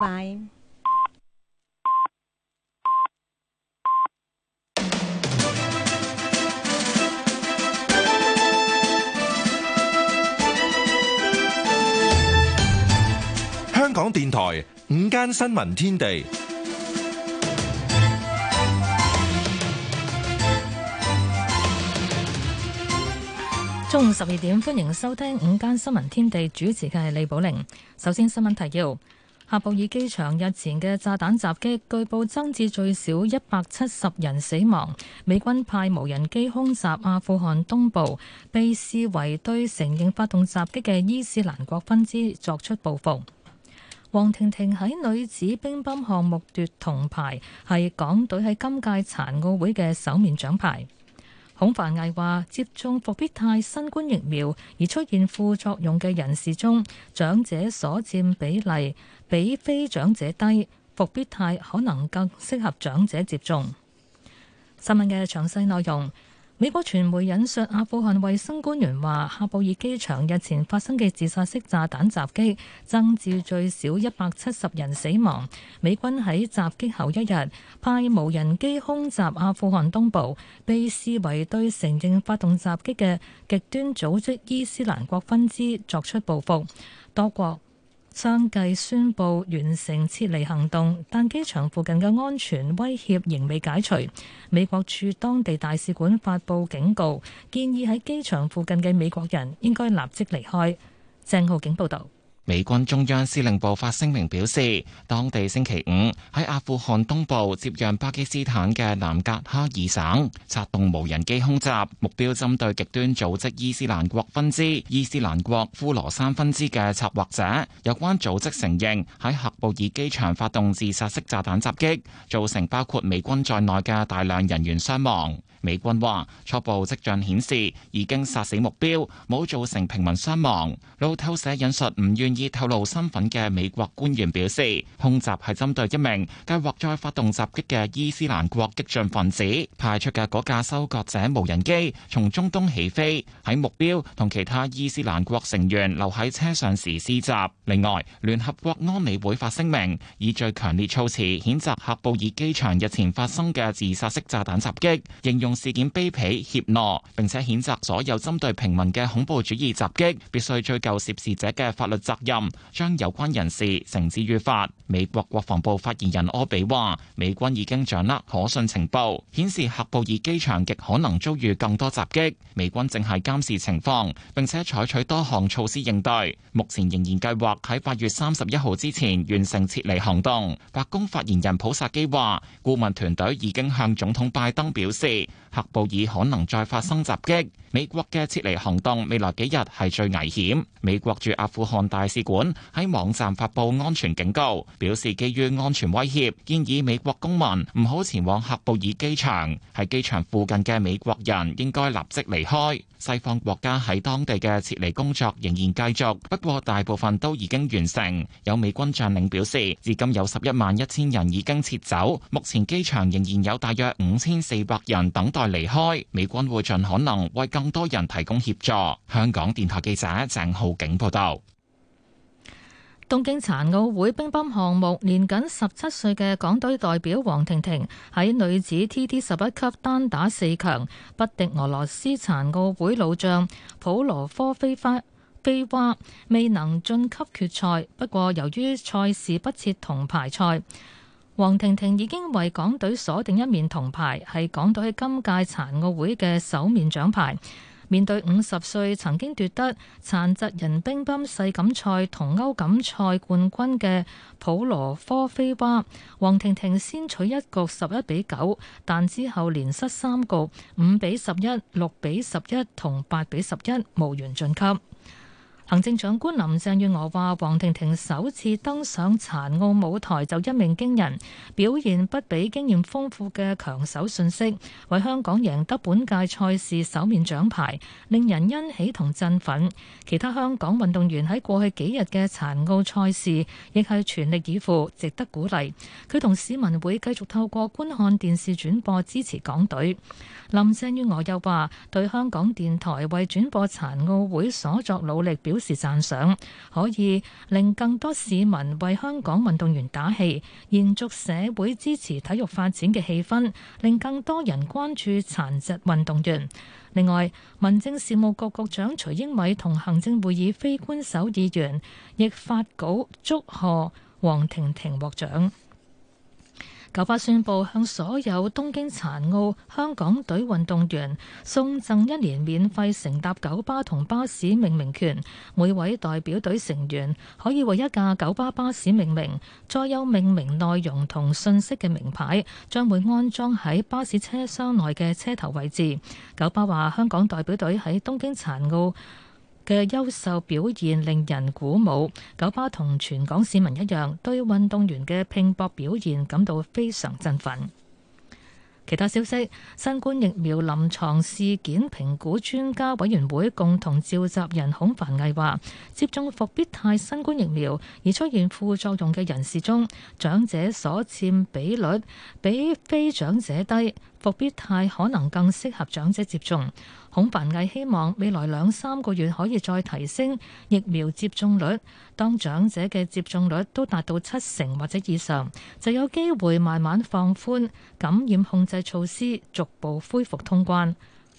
拜。Bye 香港電台午間新聞天地，中午十二點，歡迎收聽午間新聞天地，主持嘅係李寶玲。首先，新聞提要。喀布爾機場日前嘅炸彈襲擊，據報增至最少一百七十人死亡。美軍派無人機空襲阿富汗東部，被視為對承認發動襲擊嘅伊斯蘭國分支作出報復。王婷婷喺女子乒乓項目奪銅牌，係港隊喺今屆殘奧會嘅首面獎牌。孔繁毅話，接種復必泰新冠疫苗而出現副作用嘅人士中，長者所佔比例比非長者低，復必泰可能更適合長者接種。新聞嘅詳細內容。美國傳媒引述阿富汗衛生官員話，喀布爾機場日前發生嘅自殺式炸彈襲擊，增至最少一百七十人死亡。美軍喺襲擊後一日派無人機空襲，襲阿富汗東部，被視為對承認發動襲擊嘅極端組織伊斯蘭國分支作出報復。多國相繼宣布完成撤離行動，但機場附近嘅安全威脅仍未解除。美國駐當地大使館發布警告，建議喺機場附近嘅美國人應該立即離開。鄭浩景報道。美軍中央司令部發聲明表示，當地星期五喺阿富汗東部，接壤巴基斯坦嘅南格哈爾省，策動無人機空襲，目標針對極端組織伊斯蘭國分支伊斯蘭國呼羅山分支嘅策劃者。有關組織承認喺喀布爾機場發動自殺式炸彈襲擊，造成包括美軍在內嘅大量人員傷亡。美軍話，初步跡象顯示已經殺死目標，冇造成平民傷亡。路透社引述唔願意以透露身份嘅美國官員表示，空襲係針對一名計劃再發動襲擊嘅伊斯蘭國激進分子派出嘅嗰架收割者無人機，從中東起飛喺目標同其他伊斯蘭國成員留喺車上時施襲。另外，聯合國安理會發聲明，以最強烈措辭譴責喀布爾機場日前發生嘅自殺式炸彈襲擊，形容事件卑鄙、怯懦，並且譴責所有針對平民嘅恐怖主義襲擊，必須追究涉事者嘅法律責任。將有關人士繩之於法。美國國防部發言人柯比話：美軍已經掌握可信情報，顯示喀布爾機場極可能遭遇更多襲擊。美軍正係監視情況，並且採取多項措施應對。目前仍然計劃喺八月三十一號之前完成撤離行動。白宮發言人普薩基話：顧問團隊已經向總統拜登表示，喀布爾可能再發生襲擊。美國嘅撤離行動未來幾日係最危險。美國駐阿富汗大使館喺網站發布安全警告，表示基於安全威脅，建議美國公民唔好前往喀布爾機場。喺機場附近嘅美國人應該立即離開。西方國家喺當地嘅撤離工作仍然繼續，不過大部分都已經完成。有美軍將領表示，至今有十一萬一千人已經撤走，目前機場仍然有大約五千四百人等待離開。美軍會盡可能為更多人提供協助。香港電台記者鄭浩景報道。東京殘奧會乒乓項目，年僅十七歲嘅港隊代表黃婷婷喺女子 TT 十一級單打四強，不敵俄羅斯殘奧會老將普羅科菲耶娃，未能晉級決賽。不過，由於賽事不設銅牌賽，黃婷婷已經為港隊鎖定一面銅牌，係港隊今屆殘奧會嘅首面獎牌。面對五十歲曾經奪得殘疾人乒乓世錦賽同歐錦賽冠軍嘅普羅科菲巴，王婷婷先取一局十一比九，但之後連失三局，五比十一、六比十一同八比十一，無緣晉級。行政長官林鄭月娥話：黃婷婷首次登上殘奧舞台就一鳴驚人，表現不比經驗豐富嘅強手遜色，為香港贏得本屆賽事首面獎牌，令人欣喜同振奮。其他香港運動員喺過去幾日嘅殘奧賽事亦係全力以赴，值得鼓勵。佢同市民會繼續透過觀看電視轉播支持港隊。林鄭月娥又話：對香港電台為轉播殘奧會所作努力表是讚賞，可以令更多市民為香港運動員打氣，延續社會支持體育發展嘅氣氛，令更多人關注殘疾運動員。另外，民政事務局局長徐英偉同行政會議非官守議員亦發稿祝賀黃婷婷獲獎。九巴宣布向所有東京殘奧香港隊運動員送贈一年免費乘搭九巴同巴士命名權，每位代表隊成員可以為一架九巴巴士命名。再有命名內容同信息嘅名牌，將會安裝喺巴士車廂內嘅車頭位置。九巴話：香港代表隊喺東京殘奧嘅優秀表現令人鼓舞。九巴同全港市民一樣，對運動員嘅拼搏表現感到非常振奮。其他消息：新冠疫苗臨床事件評估專家委員會共同召集人孔繁毅話，接種復必泰新冠疫苗而出現副作用嘅人士中，長者所佔比率比非長者低，復必泰可能更適合長者接種。孔繁毅希望未來兩三個月可以再提升疫苗接種率，當長者嘅接種率都達到七成或者以上，就有機會慢慢放寬感染控制措施，逐步恢復通關，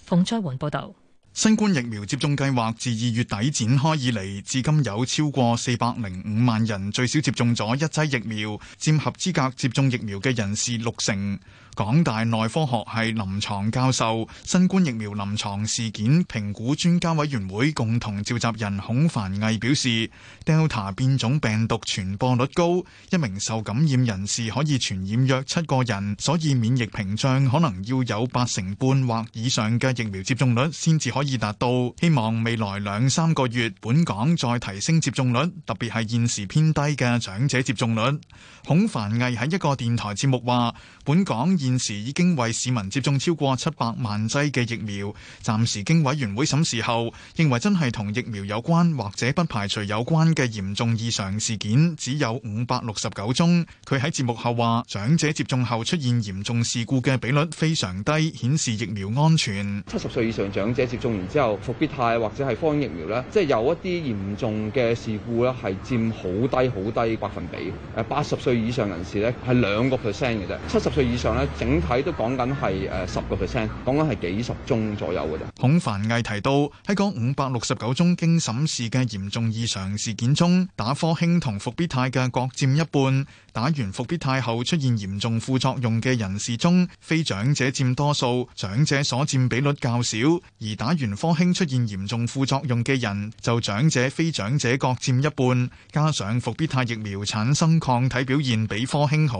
馮卓桓報道：新冠疫苗接種計劃自二月底展開以嚟，至今有超過四百零五萬人最少接種咗一劑疫苗，佔合資格接種疫苗嘅人士六成。港大內科學系臨床教授、新冠疫苗臨床事件評估專家委員會共同召集人孔繁毅表示，Delta 變種病毒傳播率高，一名受感染人士可以傳染約七個人，所以免疫屏障可能要有八成半或以上嘅疫苗接種率先至可以達到。希望未來兩三個月，本港再提升接種率，特別係現時偏低嘅長者接種率。孔繁毅喺一個電台節目話：本港現時已經為市民接種超過七百萬劑嘅疫苗，暫時經委員會審視後，認為真係同疫苗有關或者不排除有關嘅嚴重異常事件，只有五百六十九宗。佢喺節目後話，長者接種後出現嚴重事故嘅比率非常低，顯示疫苗安全。七十歲以上長者接種完之後，復必泰或者係科興疫苗呢，即係有一啲嚴重嘅事故呢，係佔好低好低百分比。誒，八十歲以上人士呢，係兩個 percent 嘅啫，七十歲以上呢。整體都講緊係誒，十個 percent，講緊係幾十宗左右嘅啫。孔繁毅提到喺嗰五百六十九宗經審視嘅嚴重異常事件中，打科興同復必泰嘅各佔一半。打完復必泰後出現嚴重副作用嘅人士中，非長者佔多數，長者所佔比率較少。而打完科興出現嚴重副作用嘅人，就長者非長者各佔一半。加上復必泰疫苗產生抗體表現比科興好，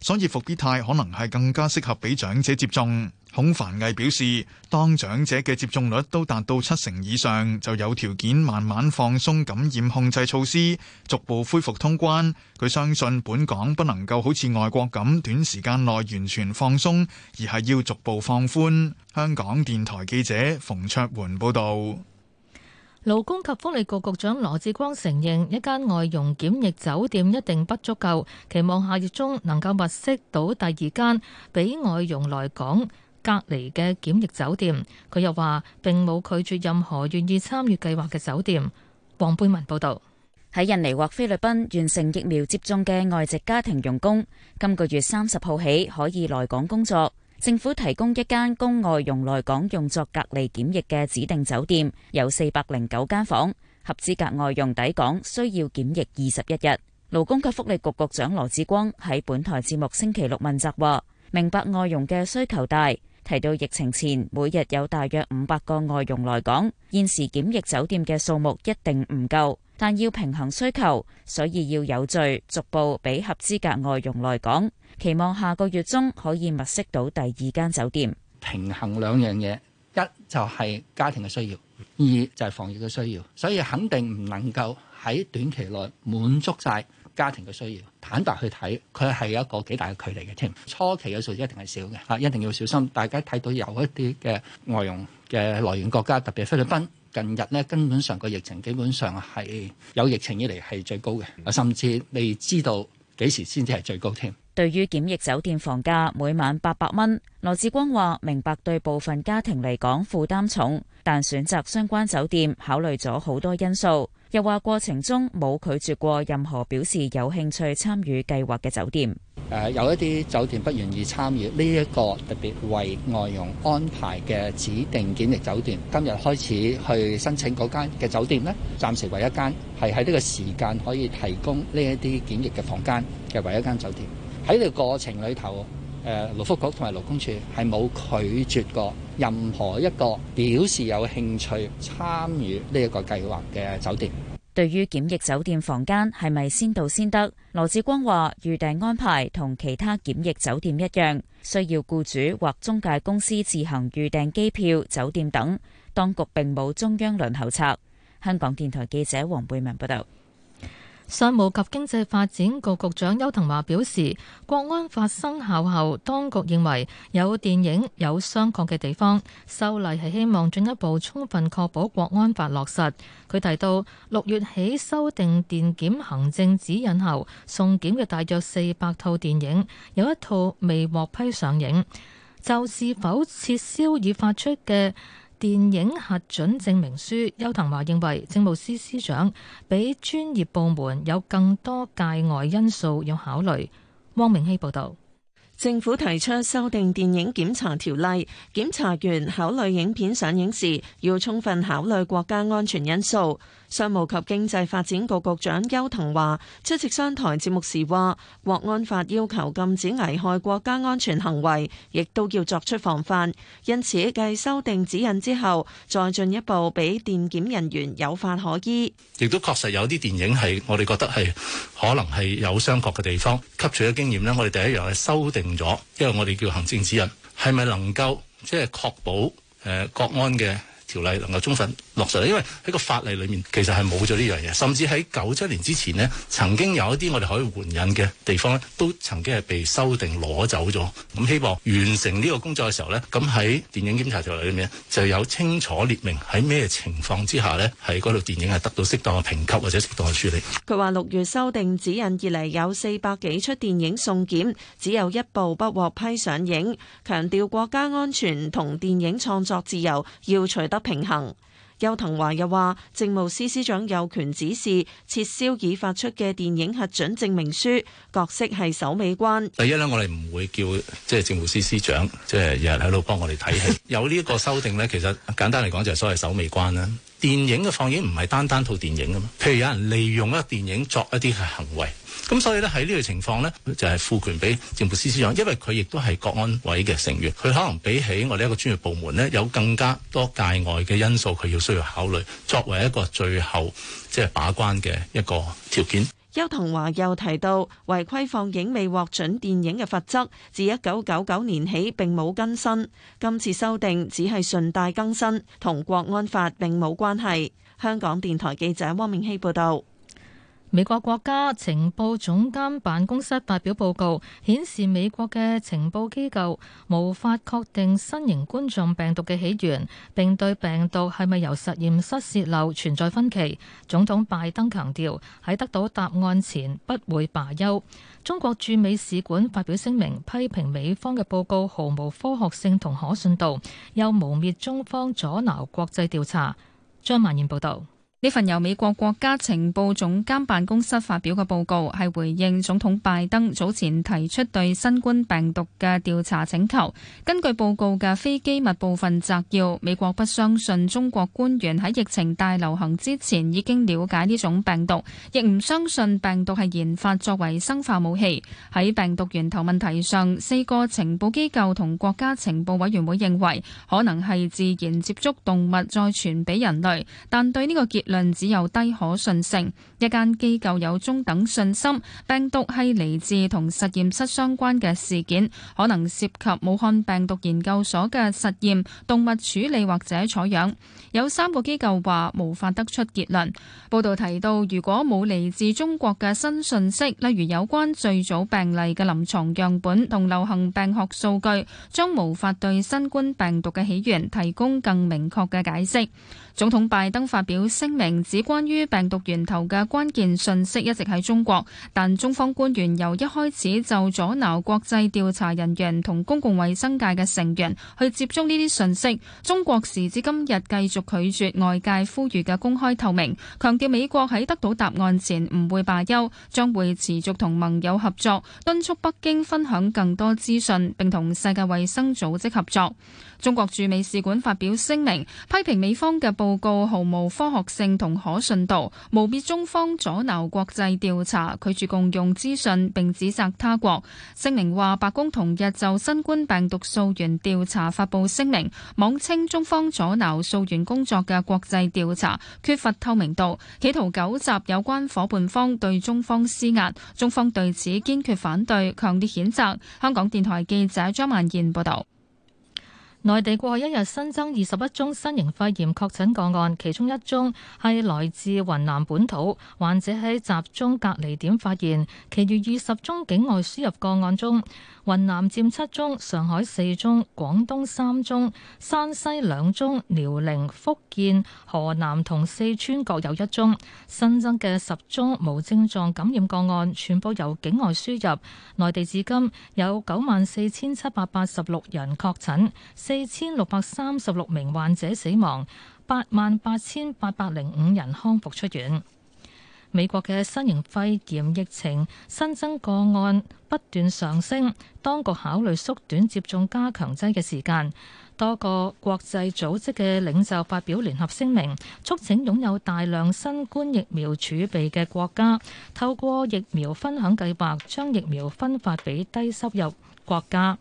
所以復必泰可能係更，更加適合俾長者接種。孔凡毅表示，當長者嘅接種率都達到七成以上，就有條件慢慢放鬆感染控制措施，逐步恢復通關。佢相信本港不能夠好似外國咁短時間內完全放鬆，而係要逐步放寬。香港電台記者馮卓媛報道。勞工及福利局局長羅致光承認，一間外傭檢疫酒店一定不足夠，期望下月中能夠物色到第二間俾外傭來港隔離嘅檢疫酒店。佢又話，並冇拒絕任何願意參與計劃嘅酒店。黃貝文報道：喺印尼或菲律賓完成疫苗接種嘅外籍家庭傭工，今個月三十號起可以來港工作。政府提供一間供外傭來港用作隔離檢疫嘅指定酒店，有四百零九間房，合資格外傭抵港需要檢疫二十一日。勞工及福利局局長羅致光喺本台節目星期六問責話，明白外傭嘅需求大。提到疫情前每日有大約五百個外傭來港，現時檢疫酒店嘅數目一定唔夠，但要平衡需求，所以要有序逐步俾合資格外傭來港。期望下個月中可以物色到第二間酒店。平衡兩樣嘢，一就係家庭嘅需要，二就係防疫嘅需要，所以肯定唔能夠喺短期內滿足晒。家庭嘅需要，坦白去睇，佢係有一個幾大嘅距離嘅添。初期嘅數字一定係少嘅，吓，一定要小心。大家睇到有一啲嘅外傭嘅來源國家，特別菲律賓，近日咧根本上個疫情基本上係有疫情以嚟係最高嘅，甚至未知道幾時先至係最高添。對於檢疫酒店房價每晚八百蚊，羅致光話明白對部分家庭嚟講負擔重，但選擇相關酒店考慮咗好多因素。又話過程中冇拒絕過任何表示有興趣參與計劃嘅酒店。誒，有一啲酒店不願意參與呢一個特別為外傭安排嘅指定檢疫酒店。今日開始去申請嗰間嘅酒店咧，暫時唯一間係喺呢個時間可以提供呢一啲檢疫嘅房間嘅唯一間酒店。喺呢個過程裏頭。誒，勞福局同埋勞工處係冇拒絕過任何一個表示有興趣參與呢一個計劃嘅酒店。對於檢疫酒店房間係咪先到先得？羅致光話預訂安排同其他檢疫酒店一樣，需要僱主或中介公司自行預訂機票、酒店等。當局並冇中央輪候冊。香港電台記者黃貝文報道。商務及經濟發展局局長邱騰華表示，國安法生效後，當局認為有電影有傷國嘅地方，修例係希望進一步充分確保國安法落實。佢提到，六月起修訂電檢行政指引後，送檢嘅大約四百套電影，有一套未獲批上映，就是否撤銷已發出嘅電影核准證明書，邱騰華認為政務司司長比專業部門有更多界外因素要考慮。汪明希報導，政府提出修訂電影檢查條例，檢查員考慮影片上映時要充分考慮國家安全因素。商務及經濟發展局局長邱騰華出席商台節目時話：國安法要求禁止危害國家安全行為，亦都要作出防範。因此，繼修訂指引之後，再進一步俾電檢人員有法可依。亦都確實有啲電影係我哋覺得係可能係有商榷嘅地方，吸取咗經驗呢，我哋第一樣係修訂咗，因為我哋叫行政指引，係咪能夠即係確保誒國安嘅？條例能夠充分落實，因為喺個法例裏面其實係冇咗呢樣嘢，甚至喺九七年之前咧，曾經有一啲我哋可以援引嘅地方咧，都曾經係被修訂攞走咗。咁希望完成呢個工作嘅時候呢，咁喺電影檢查條例裏面就有清楚列明喺咩情況之下呢，喺嗰度電影係得到適當嘅評級或者適當嘅處理。佢話六月修訂指引以嚟有四百幾出電影送檢，只有一部不獲批上映。強調國家安全同電影創作自由要取得。平衡。邱騰華又話，政務司司長有權指示撤銷已發出嘅電影核准證明書，角色係首尾關。第一咧，我哋唔會叫即係、就是、政務司司長，即、就、係、是、日日喺度幫我哋睇戲。 有呢一個修訂咧，其實簡單嚟講就係所謂首尾關啦。電影嘅放映唔係單單套電影噶嘛，譬如有人利用一個電影作一啲嘅行為。咁所以呢，喺呢個情況呢，就係、是、賦權俾政務司司長，因為佢亦都係國安委嘅成員，佢可能比起我哋一個專業部門呢，有更加多界外嘅因素，佢要需要考慮，作為一個最後即係、就是、把關嘅一個條件。邱騰華又提到，違規放映未獲准電影嘅罰則，自一九九九年起並冇更新，今次修訂只係順帶更新，同國安法並冇關係。香港電台記者汪明希報道。美國國家情報總監辦公室發表報告，顯示美國嘅情報機構無法確定新型冠狀病毒嘅起源，並對病毒係咪由實驗室洩漏存在分歧。總統拜登強調喺得到答案前不會罷休。中國駐美使館發表聲明，批評美方嘅報告毫無科學性同可信度，又誣衊中方阻撓國際調查。張曼燕報道。呢份由美國國家情報總監辦公室發表嘅報告，係回應總統拜登早前提出對新冠病毒嘅調查請求。根據報告嘅非機密部分摘要，美國不相信中國官員喺疫情大流行之前已經了解呢種病毒，亦唔相信病毒係研發作為生化武器。喺病毒源頭問題上，四個情報機構同國家情報委員會認為，可能係自然接觸動物再傳俾人類，但對呢個結。論只有低可信性，一間機構有中等信心。病毒係嚟自同實驗室相關嘅事件，可能涉及武漢病毒研究所嘅實驗、動物處理或者採樣。有三個機構話無法得出結論。報道提到，如果冇嚟自中國嘅新信息，例如有關最早病例嘅臨牀樣本同流行病學數據，將無法對新冠病毒嘅起源提供更明確嘅解釋。總統拜登發表聲明，指關於病毒源頭嘅關鍵信息一直喺中國，但中方官員由一開始就阻撓國際調查人員同公共衛生界嘅成員去接觸呢啲信息。中國時至今日繼續拒絕外界呼籲嘅公開透明，強調美國喺得到答案前唔會罷休，將會持續同盟友合作，敦促北京分享更多資訊，並同世界衛生組織合作。中國駐美使館發表聲明，批評美方嘅。報告毫無科學性同可信度，誣衊中方阻撓國際調查，拒絕共用資訊，並指責他國。聲明話，白宮同日就新冠病毒溯源調查發佈聲明，妄稱中方阻撓溯源工作嘅國際調查缺乏透明度，企圖糾集有關伙伴方對中方施壓。中方對此堅決反對，強烈譴責。香港電台記者張萬燕報道。內地過去一日新增二十一宗新型肺炎確診個案，其中一宗係來自雲南本土患者喺集中隔離點發現，其餘二十宗境外輸入個案中。雲南佔七宗，上海四宗，廣東三宗，山西兩宗，遼寧、福建、河南同四川各有一宗。新增嘅十宗無症狀感染個案，全部由境外輸入。內地至今有九萬四千七百八十六人確診，四千六百三十六名患者死亡，八萬八千八百零五人康復出院。美國嘅新型肺炎疫情新增個案不斷上升，當局考慮縮短接種加強劑嘅時間，多個國際組織嘅領袖發表聯合聲明，促請擁有大量新冠疫苗儲備嘅國家透過疫苗分享計劃將疫苗分發俾低收入國家。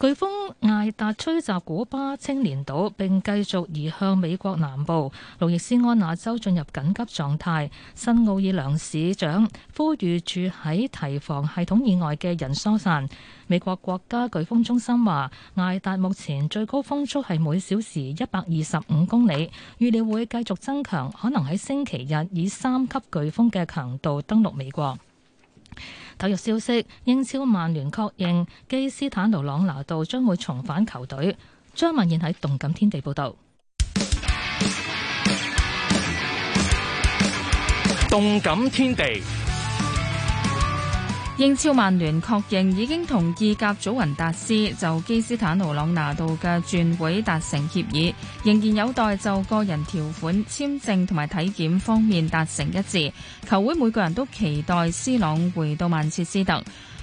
颶風艾達吹襲古巴青年島，並繼續移向美國南部路易斯安那州，進入緊急狀態。新奧爾良市長呼籲住喺堤防系統以外嘅人疏散。美國國家颶風中心話，艾達目前最高風速係每小時一百二十五公里，預料會繼續增強，可能喺星期日以三級颶風嘅強度登陸美國。體育消息：英超曼聯確認基斯坦奴·朗拿度將會重返球隊。張文燕喺動感天地報道。動感天地。英超曼聯確認已經同意甲祖雲達斯就基斯坦奴·朗拿度嘅轉會達成協議，仍然有待就個人條款、簽證同埋體檢方面達成一致。球會每個人都期待斯朗回到曼徹斯特。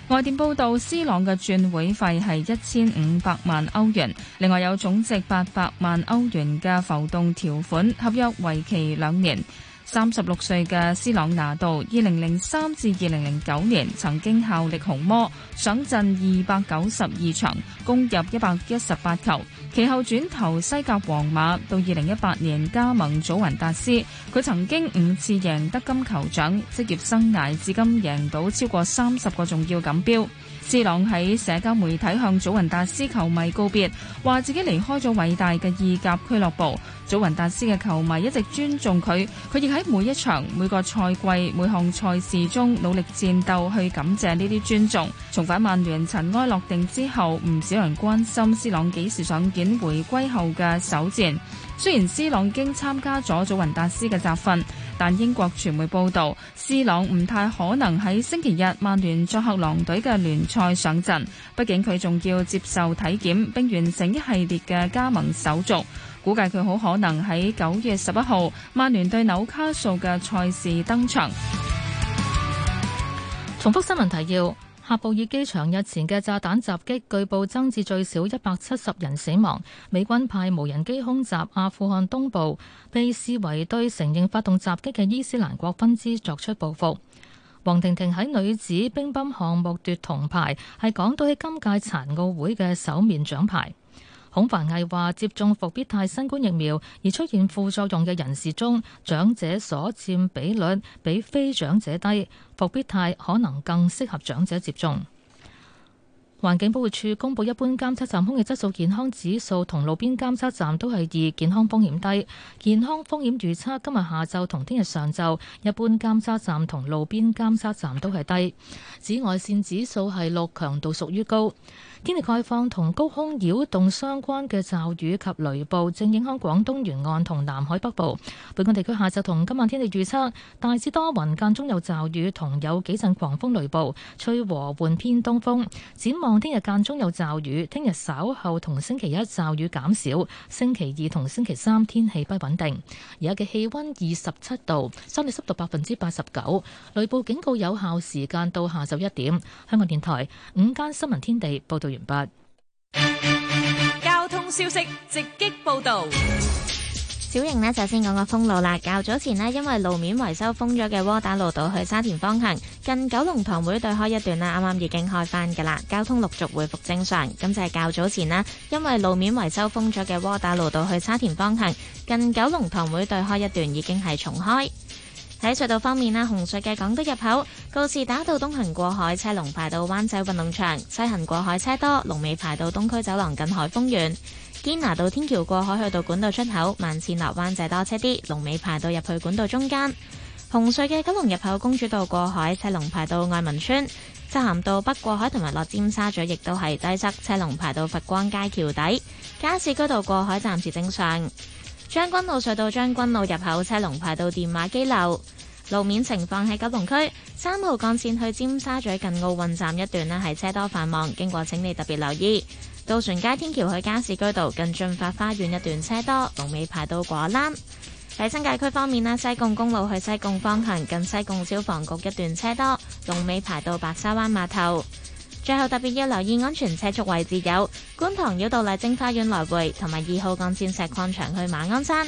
外電報道，斯朗嘅轉會費係一千五百萬歐元，另外有總值八百萬歐元嘅浮動條款，合約為期兩年。三十六歲嘅斯朗拿度，二零零三至二零零九年曾經效力紅魔，上陣二百九十二場，攻入一百一十八球。其後轉投西甲皇馬，到二零一八年加盟祖雲達斯。佢曾經五次贏得金球獎，職業生涯至今贏到超過三十個重要錦標。斯朗喺社交媒體向祖雲達斯球迷告別，話自己離開咗偉大嘅意甲俱樂部。祖雲達斯嘅球迷一直尊重佢，佢亦喺每一場、每個賽季、每項賽事中努力戰鬥，去感謝呢啲尊重。重返曼聯塵埃落定之後，唔少人關心斯朗幾時上演回歸後嘅首戰。雖然斯朗已經參加咗祖雲達斯嘅集訓，但英國傳媒報道斯朗唔太可能喺星期日曼聯作客狼隊嘅聯賽上陣，畢竟佢仲要接受體檢，並完成一系列嘅加盟手續，估計佢好可能喺九月十一號曼聯對紐卡素嘅賽事登場。重複新聞提要。喀布爾機場日前嘅炸彈襲擊，據報增至最少一百七十人死亡。美軍派無人機空襲阿富汗東部，被視為對承認發動襲擊嘅伊斯蘭國分支作出報復。王婷婷喺女子乒乓項目奪銅牌，係港隊今屆殘奧會嘅首面獎牌。孔繁毅話：接種復必泰新冠疫苗而出現副作用嘅人士中，長者所佔比率比非長者低，復必泰可能更適合長者接種。環境保護署公布一般監測站空氣質素健康指數同路邊監測站都係二，健康風險低。健康風險預測今日下晝同聽日上晝，一般監測站同路邊監測站都係低。紫外線指數係六，強度屬於高。天氣概況，同高空擾動相關嘅驟雨及雷暴正影響廣東沿岸同南海北部。本港地區下晝同今晚天氣預測大致多雲，間中有驟雨同有幾陣狂風雷暴，吹和緩偏東風。展望聽日間中有驟雨，聽日稍後同星期一驟雨減少，星期二同星期三天氣不穩定。而家嘅氣温二十七度，相對濕度百分之八十九，雷暴警告有效時間到下晝一點。香港電台午間新聞天地報導完。不，交通消息直擊報道，小瑩咧，首先講個封路啦。較早前咧，因為路面維修封咗嘅窩打老道去沙田方向，近九龍塘會對開一段咧，啱啱已經開返噶啦，交通陸續回復正常。咁就係較早前啦，因為路面維修封咗嘅窩打老道去沙田方向，近九龍塘會對開一段已經係重開。喺隧道方面啦，紅隧嘅港島入口，告士打道東行過海車龍排到灣仔運動場；西行過海車多，龍尾排到東區走廊近海豐苑堅拿道天橋過海去到管道出口；慢線落灣仔多車啲，龍尾排到入去管道中間。紅隧嘅九龍入口，公主道過海車龍排到愛民村；漆咸道北過海同埋落尖沙咀亦都係擠塞，車龍排到佛光街橋底。加士居道過海暫時正常。將軍澳隧道將軍澳入口，車龍排到電話機樓。路面情況喺九龍區三號幹線去尖沙咀近奧運站一段咧係車多繁忙，經過請你特別留意。渡船街天橋去加士居道近進發花園一段車多，龍尾排到果欄。喺新界區方面咧，西貢公路去西貢方向近西貢消防局一段車多，龍尾排到白沙灣碼頭。最後特別要留意安全車速位置，有觀塘繞道麗晶花園來回同埋二號幹線石礦場去馬鞍山。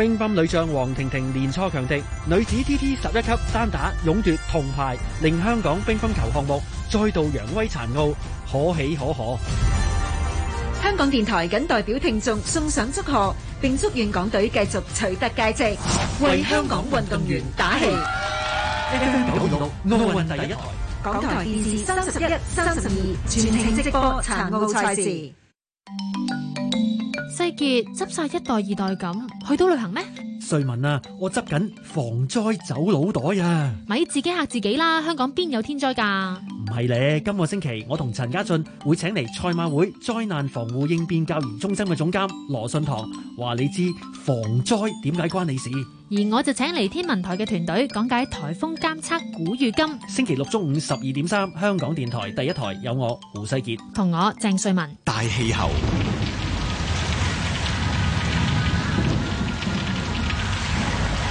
乒乓女將王婷婷，連挫強敵，女子 TT 十一級單打勇奪銅牌，令香港乒乓球項目再度揚威殘奧，可喜可賀。香港電台謹代表聽眾送上祝賀，並祝願港隊繼續取得佳績，為香港運動員打氣。九六奧運第一台，港台電視三十一、三十二全程直播殘奧賽事。世傑執晒一代二代咁，去到旅行咩？瑞文啊，我執緊防災走佬袋啊！咪自己嚇自己啦，香港邊有天災噶？唔係咧，今個星期我同陳家俊會請嚟賽馬會災難防護應變教研中心嘅總監羅信堂，話你知防災點解關你事？而我就請嚟天文台嘅團隊講解台風監測古與今。星期六中午十二點三，香港電台第一台有我胡世傑同我鄭瑞文大氣候。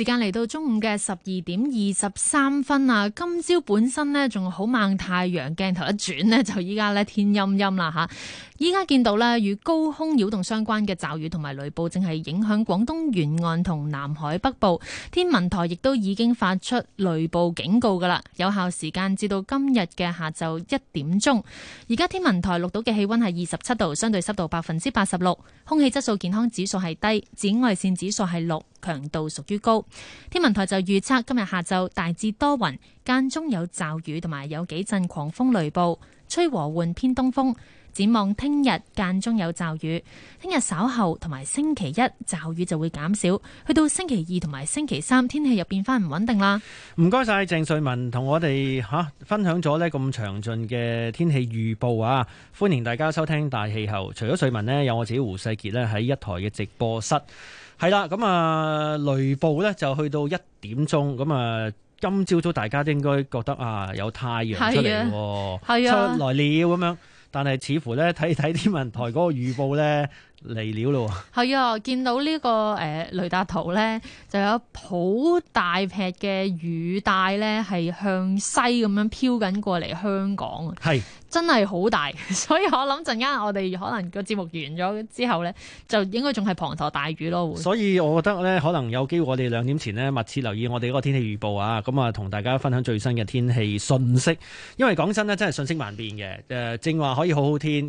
時間嚟到中午嘅十二點二十三分啊！今朝本身呢仲好猛太陽，鏡頭一轉呢就依家呢天陰陰啦吓。依家見到呢與高空擾動相關嘅驟雨同埋雷暴，正係影響廣東沿岸同南海北部。天文台亦都已經發出雷暴警告噶啦，有效時間至到今日嘅下晝一點鐘。而家天文台錄到嘅氣溫係二十七度，相對濕度百分之八十六，空氣質素健康指數係低，紫外線指數係六。強度屬於高，天文台就預測今日下晝大致多雲，間中有驟雨同埋有幾陣狂風雷暴，吹和緩偏東風。展望聽日間中有驟雨，聽日稍後同埋星期一驟雨就會減少，去到星期二同埋星期三天氣又變翻唔穩定啦。唔該晒，鄭瑞文同我哋嚇分享咗呢咁詳盡嘅天氣預報啊！歡迎大家收聽大氣候。除咗瑞文呢，有我自己胡世傑呢喺一台嘅直播室。係啦，咁啊雷暴呢就去到一點鐘。咁啊今朝早大家都應該覺得啊有太陽出嚟，係啊，出來了咁樣。但係似乎咧，睇睇天文台嗰個預報咧。嚟了咯喎！ 係啊，見到呢個誒雷達圖咧，就有好大劈嘅雨帶咧，係向西咁樣飄緊過嚟香港。係是，真係好大，所以我諗陣間我哋可能個節目完咗之後咧，就應該仲係滂沱大雨咯。所以我覺得咧，可能有機會我哋兩點前呢，密切留意我哋嗰個天氣預報啊，咁啊，同大家分享最新嘅天氣信息。因為講真咧，真係信息萬變嘅。誒、呃，正話可以好好天。